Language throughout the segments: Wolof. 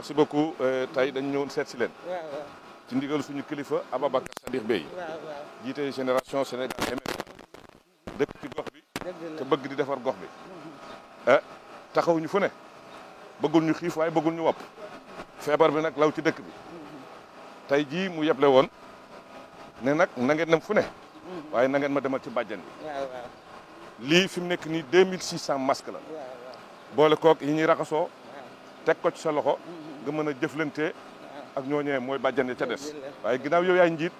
merci beaucoup euh, tey dañ ñëwoon seet si leen. ci ndigal suñu kilifa Ababacar Sadikh Bèye. jiite génération Sénégal émergente. dëkk ci gox bi. te bëgg di defar gox bi. Eh, taxawuñu fu ne. bëggul ñu xiif waaye bëggul ñu wopp. feebar bi nag law ci dëkk bi. tey jii mu yeble woon. ne nag na ngeen dem fu ne. waaye na ngeen ma demal ci bàjjan bi. lii fi mu nekk nii 2600 masques la. boole kook yi ñuy raxasoo. teg ko ci sa loxo nga mën a jëflante ak ñooñee mooy bàjjane ca des waaye ginnaaw yow yaay njiit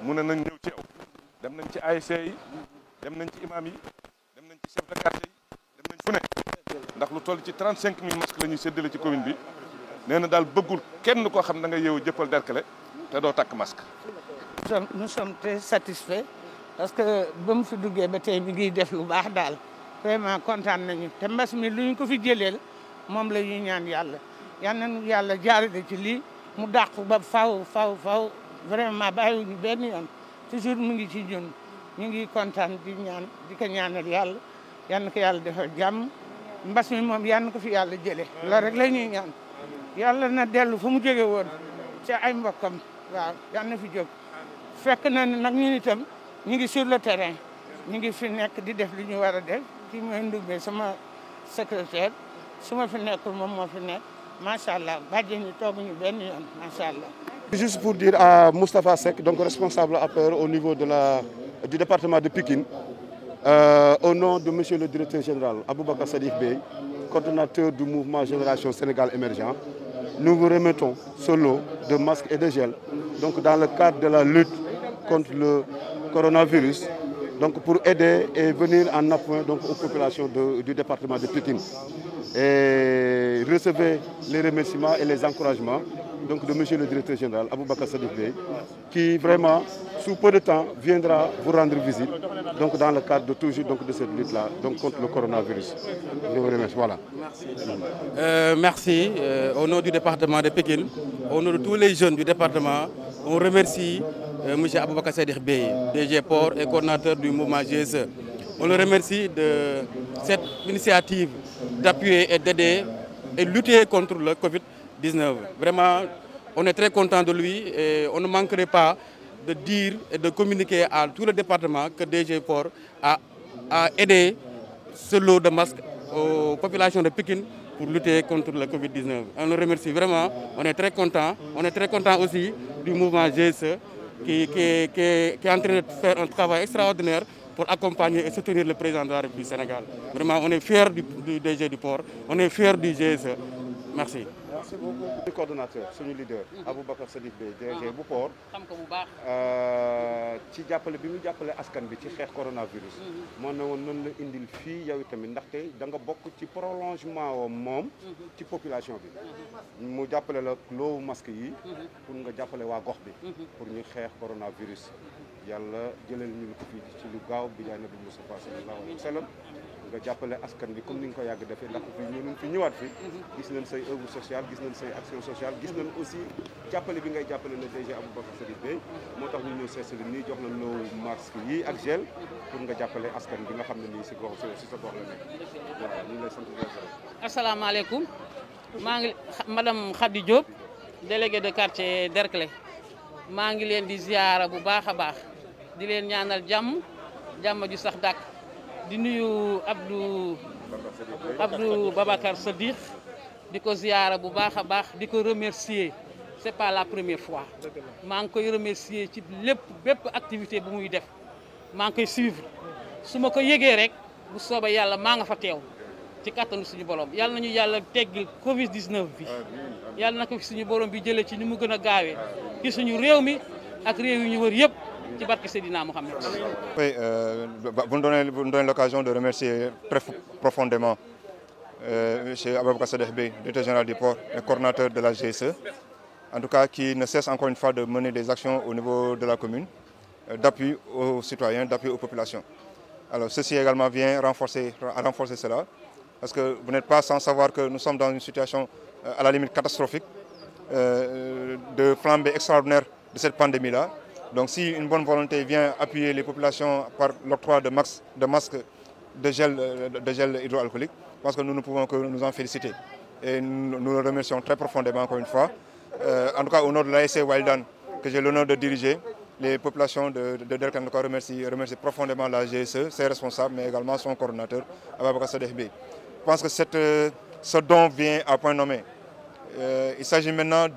mu ne nañ ñëw ci yow dem nañ ci ASC yi dem nañ ci imam yi dem nañ ci chef de quartier yi dem nañ fu ne ndax lu toll ci trente cinq mille masques la ñuy séddale ci commune bi nee na daal bëggul kenn koo xam da nga yeewu jëppal derkale te doo takk masque nous sommes très satisfaits parce que ba mu fi duggee ba tey mi ngi def lu baax daal vraiment kontaan nañu te mbas mi lu ñu ko fi jëleel moom la ñuy ñaan yàlla yal nañu yàlla jaarale ci lii mu dàq ba faw faw faw vraiment bàyyiwuñu benn yoon toujours mu ngi ci ñun ñu ngi kontaan di ñaan di ko ñaanal yàlla yal na ko yàlla defal jàmm mbas mi moom yal na ko fi yàlla jëlee loolu rek la ñuy ñaan yàlla na dellu fa mu jóge woon ci ay mbokkam waaw yal na fi jóg fekk na ne nag ñun itam ñu ngi sur le terrain ñu ngi fi nekk di def li ñu war a def ci mooy ndumbe sama secrétaire su ma fi nekkul moom moo fi nekk macha allah bàjjen yi tooguñu yoon macha allah. juste pour dire à Moustapha Seck donc responsable APR au niveau de la du département de Pikine euh, au nom de monsieur le directeur général Aboubacar Sadif Bey coordonnateur du mouvement Génération Sénégal Émergent nous vous remettons ce de masques et de gel donc dans le cadre de la lutte contre le coronavirus donc pour aider et venir en appui donc aux populations de, du département de Pikine et recevez les remerciements et les encouragements donc de monsieur le directeur général Aboubacar Sadikh Bey qui vraiment sous peu de temps viendra vous rendre visite donc dans le cadre de toujours donc de cette lutte là donc contre le coronavirus je vous remercie voilà. merci euh, euh, au nom du département de Pikine au nom de tous les jeunes du département on remercie euh, monsieur Aboubacar Sadikh Bey DG Port et coordonnateur du mouvement GSE. On le remercie de cette initiative d'appuyer et d'aider et lutter contre le Covid-19. Vraiment, on est très content de lui et on ne manquerait pas de dire et de communiquer à tout le département que DG Port a, a aidé ce lot de masques aux populations de Pékin pour lutter contre le Covid-19. On le remercie vraiment, on est très content. On est très content aussi du mouvement GSE qui, qui, qui, en faire un travail extraordinaire pour accompagner et soutenir le président de la République du Sénégal. Vraiment, on est fiers du, du du port, on est fiers du GSE. Merci. merci beaucoup suñu coordonnateur suñu leader Aboubacar Sadikh Bey DG ah. bu port xam ko bu baax euh, ci jàppale bi mu jàppale askan bi ci xeex coronavirus mhm. moo ne woon noonu la indil fii yow tamit ndaxte da nga bokk ci prolongement moom mhm. ci population bi mu jàppale la loowu masque yi mhm. pour nga jàppale waa gox bi pour ñu xeex coronavirus yàlla jëlal ñu ko fii ci lu gaaw bi jaay nabi Moustapha sallallahu alayhi nga jàppale askan bi comme ni nga ko yàgg defee ndax fi ñun fi ñëwaat fi gis nañ say œuvre sociale gis nañ say action sociale gis nañ aussi jàppale bi ngay jàppale le DG Aboubacar Sadikh Bèye moo tax ñu ñëw seetsi la nii jox la loo masque yi ak gel pour nga jàppale askan bi nga xam ne nii si gox si sa gox la nekk waaw ñu ngi lay sant di la gërëm asalaamaaleykum maa ngi madame Khady Diop délégué de quartier Derklé maa ngi leen di ziara bu baax a baax di leen ñaanal jàmm jàmm ju sax dàkk di nuyu Abdou Abdou Babacar Sadikh di ko ziyaara bu baax a baax di ko remercier c'est pas la première fois maa ngi koy remercier ci lépp bépp activité bu muy def maa ngi koy suivre su ma ko yëgee rek bu soobee yàlla maa nga fa teew ci kattanu suñu borom yàlla nañu yàlla teggil Covid 19 bi yàlla na ko suñu borom bi jëlee ci ni mu gën a gaawee ci suñu réew mi ak réew yi ñu wër yëpp. ci barke Seydina Mohamed. oui euh, vous me donnez l'occasion de remercier très profondément euh, monsieur Ababakar directeur général du port et coordonnateur de la GSE en tout cas qui ne cesse encore une fois de mener des actions au niveau de la commune euh, d'appui aux citoyens d'appui aux populations alors ceci également vient à renforcer cela parce que vous n'êtes pas sans savoir que nous sommes dans une situation euh, à la limite catastrophique euh, de flambée extraordinaire Donc si une bonne volonté vient appuyer les populations par l'octroi de, max, de masques de gel, euh, hydroalcoolique, je que nous ne pouvons que nous en féliciter. Et nous, nous le remercions très profondément encore une fois. Euh, en tout cas, au nom de l'ASC Wildan, que j'ai l'honneur de diriger, les populations de, de, en tout cas, remercient, profondément la GSE, ses responsables, mais également son coordonnateur, Ababaka Sadehbe. Je pense que euh, ce don vient à point nommé. Euh, il s'agit médical,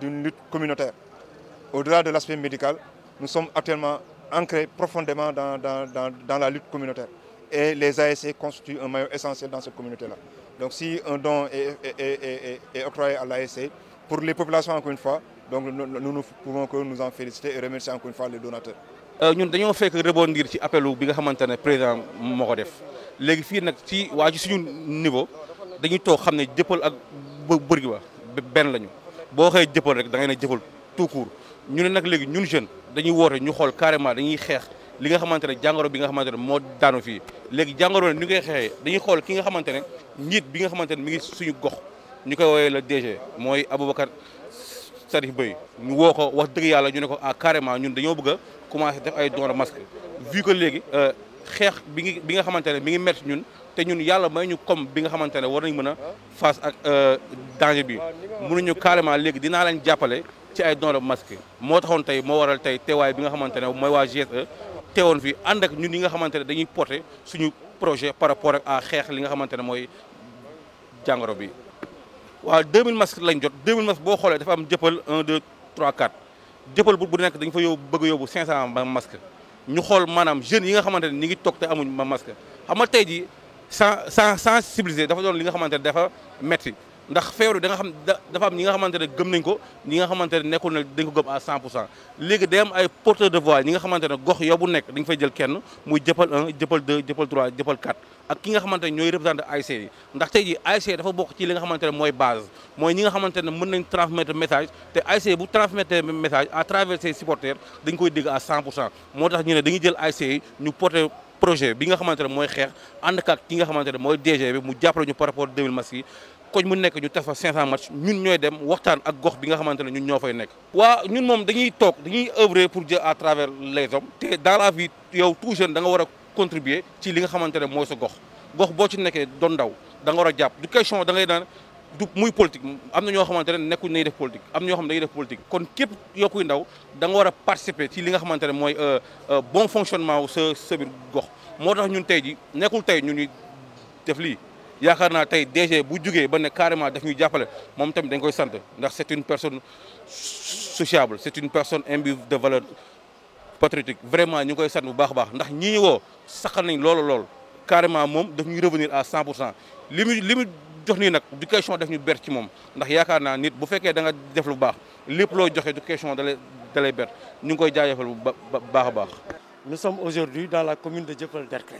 Nous sommes actuellement ancrés profondément dans, dans, dans, dans la lutte communautaire. Et les ASC constituent un maillon essentiel dans cette communauté-là. Donc si un don est, est, est, à l'ASC, pour les populations encore une fois, donc nous, nu nous pouvons que nous en féliciter et remercier encore une fois les donateurs. Euh, ñun dañoo fekk rebondir ci appelu bi nga xamante ne président moo ko def léegi fii nag ci waa ci suñu niveau dañuy toog xam ne jëppal ak bërgi ba benn lañu boo xëyee jëppal rek da ngay ne jëppal tout ñu ne nag léegi ñun jeune dañuy woote ñu xool carrément dañuy xeex li nga xamante ne jàngoro bi nga xamante ne moo daanu fii léegi jàngoro ne ñu koy xeexee dañuy xool ki nga xamante ne njiit bi nga xamante ne mi ngi suñu gox ñu koy woowee la DG mooy Aboubacar Sarif Bey ñu woo ko wax dëgg yàlla ñu ne ko ah carrément ñun dañoo bëgg a commencé def ay don masque vu que léegi euh, xeex bi bi nga xamante ne mi ngi métti ñun te ñun yàlla may ñu comme bi nga xamante ne war nañ mën a face ak euh, danger bi mënuñu carrément léegi dinaa leen jàppale ci ay don de masque moo taxoon tey moo waral tey teewaay bi nga xamante ne mooy waa GSE teewoon fii ànd ak ñun yi nga xamante ne dañuy porter suñu projet par rapport ak xeex li nga xamante ne mooy jàngoro bi. waaw 2000 masques lañ jot 2000 masques boo xoolee dafa am jëppal 1 2 3 4 jëppal bu nekk dañ fa yóbbu bëgg yóbbu 500 masques ñu xool maanaam jeunes yi nga xamante ne ñu ngi toog te amuñ ma xam nga tey jii sans sensibiliser dafa doon li nga xamante ne dafa metti ndax feebar danga xam dafa am ñi nga xamante ne gëm nañ ko ñi nga xamante ne nekkul ne dañ ko gëm à pour cent léegi day ay porteurs de voix ñi nga xamante ne gox yow bu nekk dañ fay jël kenn muy jëppal 1 jëppal 2 jëppal 3 jëppal 4 ak ki nga xamante ne ñooy représenté ASC yi ndax ji ASC dafa bokk li nga xamante ne mooy base mooy ñi nga xamante ne mën nañ transmettre message te ASC bu transmettre message à travers ses supporters dañ koy dégg à 100 pour cent moo tax ñu ne dañuy jël ASC yi ñu porter projet bi nga xamante ne mooy ànd ak ki nga xamante ne mooy DG bi mu jàppale ñu par rapport 2000 masques koñ mu nekk ñu teg fa 500 match ñun ñooy dem waxtaan ak gox bi nga xamante ne ñun ñoo fay nekk. waa ñun moom dañuy toog dañuy œuvrer pour Dieu à travers les hommes te dans yow tout jeune war a contribuer ci li nga xamante ne mooy sa gox gox boo ci nekkee doon ndaw da war a jàpp du question da ngay naan du muy politique am na ñoo xamante ne nekkul nañuy def politique am na ñoo xam ne dañuy def politique kon képp yoo kuy ndaw da war a participer ci li nga xamante ne mooy euh, euh, bon fonctionnement wu sa sa biir gox moo tax ñun tey ji nekkul tey ñu ñuy def lii. yaakaar naa tey DG bu jugee ba ne carrément daf ñuy jàppale moom tamit dañ koy sant ndax c'est une personne sociable c'est une personne imbi de valeur patriotique vraiment ñu koy sant bu baax a baax ndax ñi ñu woo saxal nañ loolu lool carrément moom daf ñuy revenir à 100 pour cent li mu li jox nii nag du question def ñu ber ci moom ndax yaakaar naa nit bu fekkee da nga def lu baax lépp loo joxe du question dalay dalay ber ñu ngi koy jaajëfal bu baax a baax. nous sommes aujourd'hui dans la commune de Dieuppeul-Derklé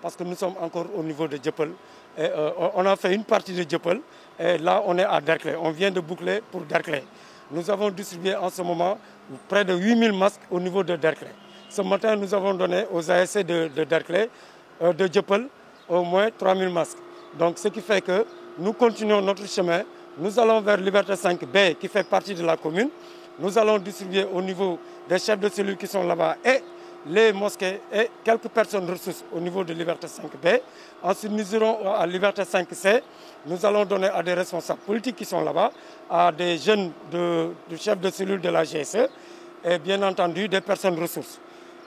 parce que nous sommes encore au niveau de Dieuppeul. Et, euh, on a fait une partie de Dieuppeul et là on est à Derklé. On vient de boucler pour Derklé. Nous avons distribué en ce moment près de 8000 masques au niveau de Derklé. Ce matin, nous avons donné aux ASC de, de Derklé, euh, de Dieuppeul, au moins 3000 masques. Donc ce qui fait que nous continuons notre chemin. Nous allons vers Liberté 5B qui fait partie de la commune. Nous allons distribuer au niveau des chefs de cellules qui sont là-bas et les mosquées et quelques personnes ressources au niveau de Liberté 5B. Ensuite, nous irons à Liberté 5C. Nous allons donner à des responsables politiques qui sont là-bas, à des jeunes de, du chef de cellule de la GSE et bien entendu des personnes ressources.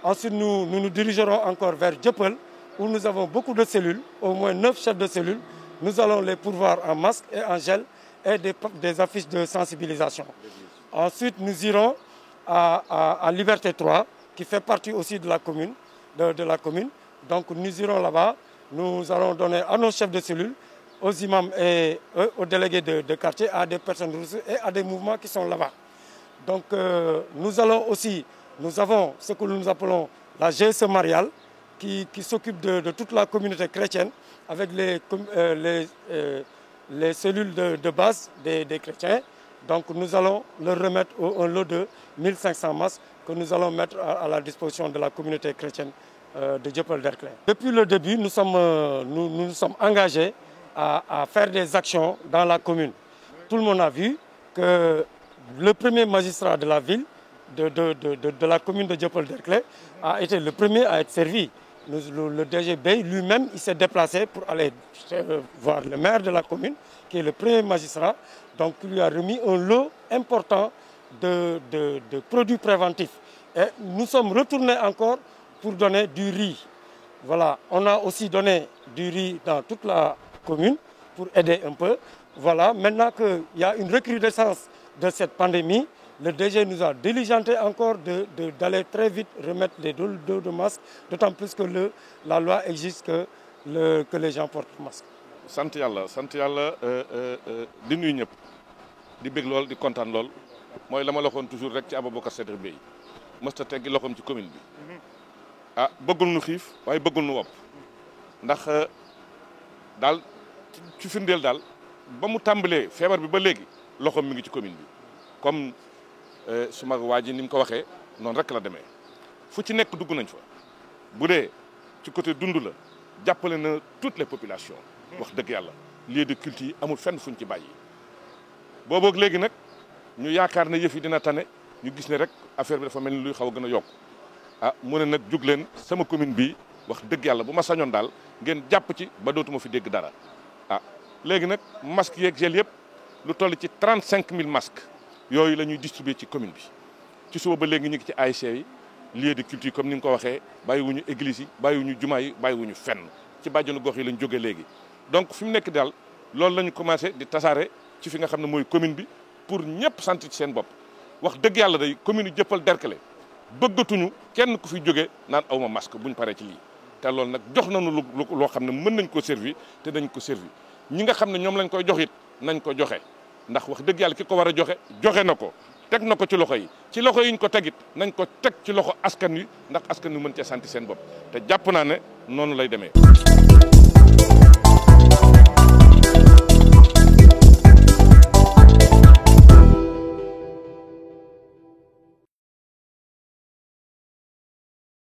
Ensuite, nous nous, nous dirigerons encore vers Djepel où nous avons beaucoup de cellules, au moins 9 chefs de cellules. Nous allons les pourvoir en masque et en gel et des, des affiches de sensibilisation. Ensuite, nous irons à, à, à Liberté 3 qui fait partie aussi de la commune, de, de la commune. Donc nous irons là-bas, nous allons donner à nos chefs de cellule, aux imams et euh, aux délégués de, de, quartier, à des personnes et à des mouvements qui sont là-bas. Donc euh, nous allons aussi, nous avons ce que nous appelons la GSE Mariale, qui, qui s'occupe de, de, toute la communauté chrétienne avec les, euh, les, euh, les cellules de, de base des, des, chrétiens. Donc nous allons leur remettre un lot de 1500 masques que nous allons mettre à, à la disposition de la communauté chrétienne euh, de Dieuppeul-Derklé. Depuis le début, nous sommes, euh, nous, nous, nous sommes engagés à, à, faire des actions dans la commune. Tout le monde a vu que le premier magistrat de la ville, de, de, de, de la commune de Dieuppeul-Derklé, a été le premier à être servi. Le, le, DGB lui-même il s'est déplacé pour aller euh, voir le maire de la commune, qui est le premier magistrat, donc il lui a remis un lot important de, de, de produits préventifs. Et nous sommes retournés encore pour donner du riz. Voilà, on a aussi donné du riz dans toute la commune pour aider un peu. Voilà, maintenant qu'il y a une recrudescence de cette pandémie, le DG nous a diligenté encore d'aller de, de, très vite remettre les dos, dos de masque, d'autant plus que le, la loi exige que, le, que les gens portent masque. sant yàlla sant yàlla euh, euh, euh, di nuyu ñëpp di bég lool di kontaan lool. mooy la ma loxoon toujours rek ci Ababacar Sadikh Bèye mësta tegg loxoom ci commune bi ah bëggul nu xiif waaye bëggul nu wopp ndax euh, daal ci firndeel daal ba mu tàmbalee feebar bi ba léegi loxoom mi ngi ci commune bi comme euh, suma ma waa ji ni mu ko waxee noonu rek la demee fu ci nekk dugg nañ fa bu dee ci côté dund la jàppale na toutes les populations wax dëgg yàlla lii de culte yi amul fenn fuñ ci bàyyi booboog léegi nag ñu yaakaar ne yëf dina tane ñu gis ne rek affaire bi dafa mel ni luy xaw a gën a yokk ah mu ne na jóg leen sama commune bi wax dëgg yàlla bu ma sañoon daal ngeen jàpp ci ba dootuma fi dégg dara ah léegi nag masques yeeg gel yëpp lu toll ci 35000 masques yooyu la ñuy distribuer ci commune bi ci suba ba léegi ñu ngi ci ASC yi lieu de culture comme ni nga ko waxee bàyyiwuñu église yi bàyyiwuñu jumaa yi bàyyiwuñu fenn ci bàjjenu gox yi lañ jógee léegi donc fi mu nekk daal loolu la ñu commencé di tasaare ci fi nga xam ne commune bi pour ñëpp sant ci seen bopp wax dëgg yàlla day commune jëppal Derklé bëggatuñu kenn ku fi jóge naan awma masque buñ paree ci lii te loolu nag jox nañu lu loo xam ne mën nañ koo servi te dañ ko servi ñi nga xam ne ñoom lañ koy jox nañ ko joxe ndax wax dëgg yàlla ki ko war a joxe joxe na ko teg na ko ci loxo yi ci loxo yi ñu ko tegit nañ ko teg ci loxo askan wi ndax askan wi mën cee santi seen bopp te jàpp naa ne noonu lay demee